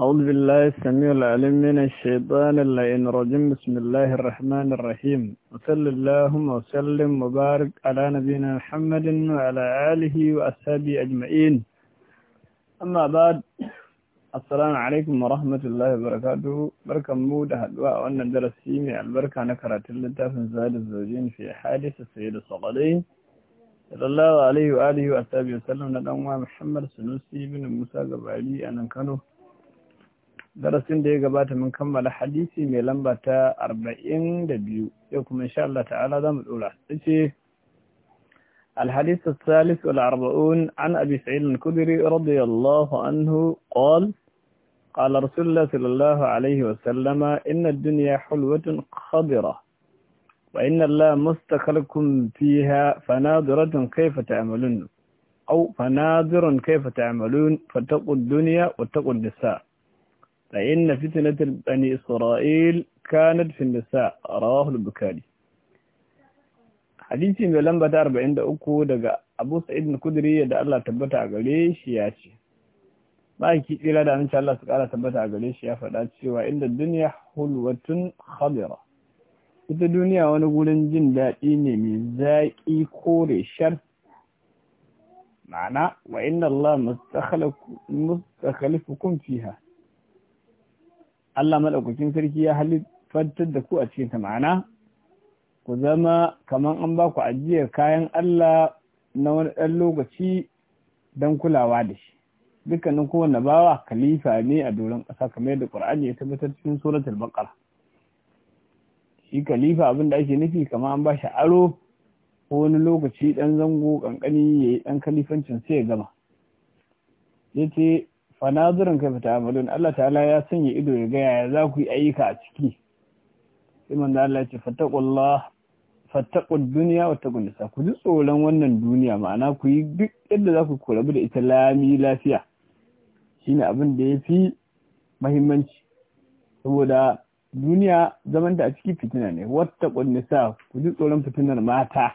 أعوذ بالله السميع العليم من الشيطان اللئين الرجيم بسم الله الرحمن الرحيم وصل اللهم وسلم وبارك على نبينا محمد وعلى آله وأصحابه أجمعين أما بعد السلام عليكم ورحمة الله وبركاته بركة مودة هدواء وأن درسي مع البركة نكرت اللتا في زاد الزوجين في حادث السيد الصقلين صلى الله عليه وآله وأصحابه وسلم ندعوها محمد سنوسي بن موسى قبالي أنا كانوا darasin da ya gabata mun kammala hadisi mai lamba ta arba'in da biyu yau kuma insha Allah ta'ala za mu الحديث الثالث والأربعون عن أبي سعيد الكدري رضي الله عنه قال قال رسول الله صلى الله عليه وسلم إن الدنيا حلوة خضرة وإن الله مستخلكم فيها فناظرة كيف تعملون أو فناظر كيف تعملون فاتقوا الدنيا واتقوا النساء فإن فتنة بني إسرائيل كانت في النساء رواه البكاري حديثي من لمبة 43 دقاء Abu Sa'id al-Khudri da Allah tabbata a gare shi ya ce Ma'aiki tsira da amince Allah su kara tabbata a gare shi ya faɗa cewa inda duniya hulwatun khadira ita duniya wani gurin jin daɗi ne mai zaƙi kore shar ma'ana wa inna Allah mustakhlifukum fiha Allah maɗaukakin sarki ya halittar da ku a cikin ta ma'ana ku zama kamar an ba ku ajiyar kayan Allah na wani ɗan lokaci don kulawa da shi dukkanin kowane bawa kalifa ne a doron ƙasa kamar yadda ƙur'ani ya tabbatar cikin suratul baqara shi kalifa abin da ake nufi kamar an ba shi aro ko wani lokaci ɗan zango ƙanƙani ya yi ɗan kalifancin sai ya gama Ya ce. fanazirin kai fita amalun Allah ta'ala ya sanya ido ya gaya ya za ku yi ayyuka a ciki sai da Allah ya ce duniya wa taqul nisa ku ji tsoron wannan duniya ma'ana ku yi duk yadda za ku korabu da ita lami lafiya shine abin da ya fi mahimmanci saboda duniya zaman da a ciki fitina ne wata nisa ku ji tsoron fitinar mata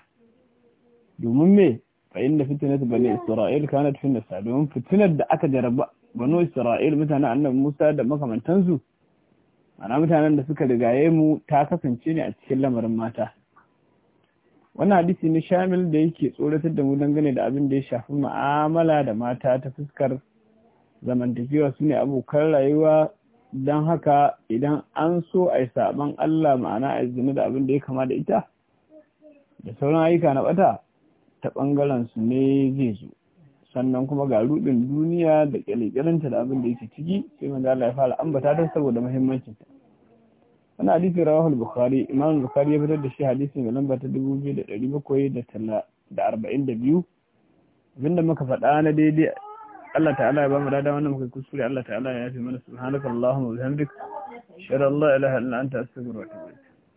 domin me da inda fitinatu bani isra'il kana fi nisa domin fitinar da aka jaraba banu isra'il mutanen annabi musa da makamantansu ana mutanen da suka rigaye mu ta kasance ne a cikin lamarin mata wannan hadisi ne shamil da yake tsoratar da mu dangane da abin da ya shafi ma'amala da mata ta fuskar zamantakewa su ne abokan rayuwa don haka idan an so a yi saban Allah ma'ana a da abin da ya kama da ita da sauran ayyuka na bata ta bangaren su ne zai zo sannan kuma ga rubin duniya da kyalekyalanta da abin da yake ciki sai manzo Allah ya fara ambata ta saboda muhimmancin ta wani hadisi rawahu al-bukhari imam bukhari ya fitar da shi hadisi mai lamba ta 2742 abinda muka faɗa na daidai Allah ta'ala ya ba mu dada wannan muka kuskure Allah ta'ala ya yafe mana subhanakallahumma wa bihamdika shar Allah ilaha illa anta astaghfiruka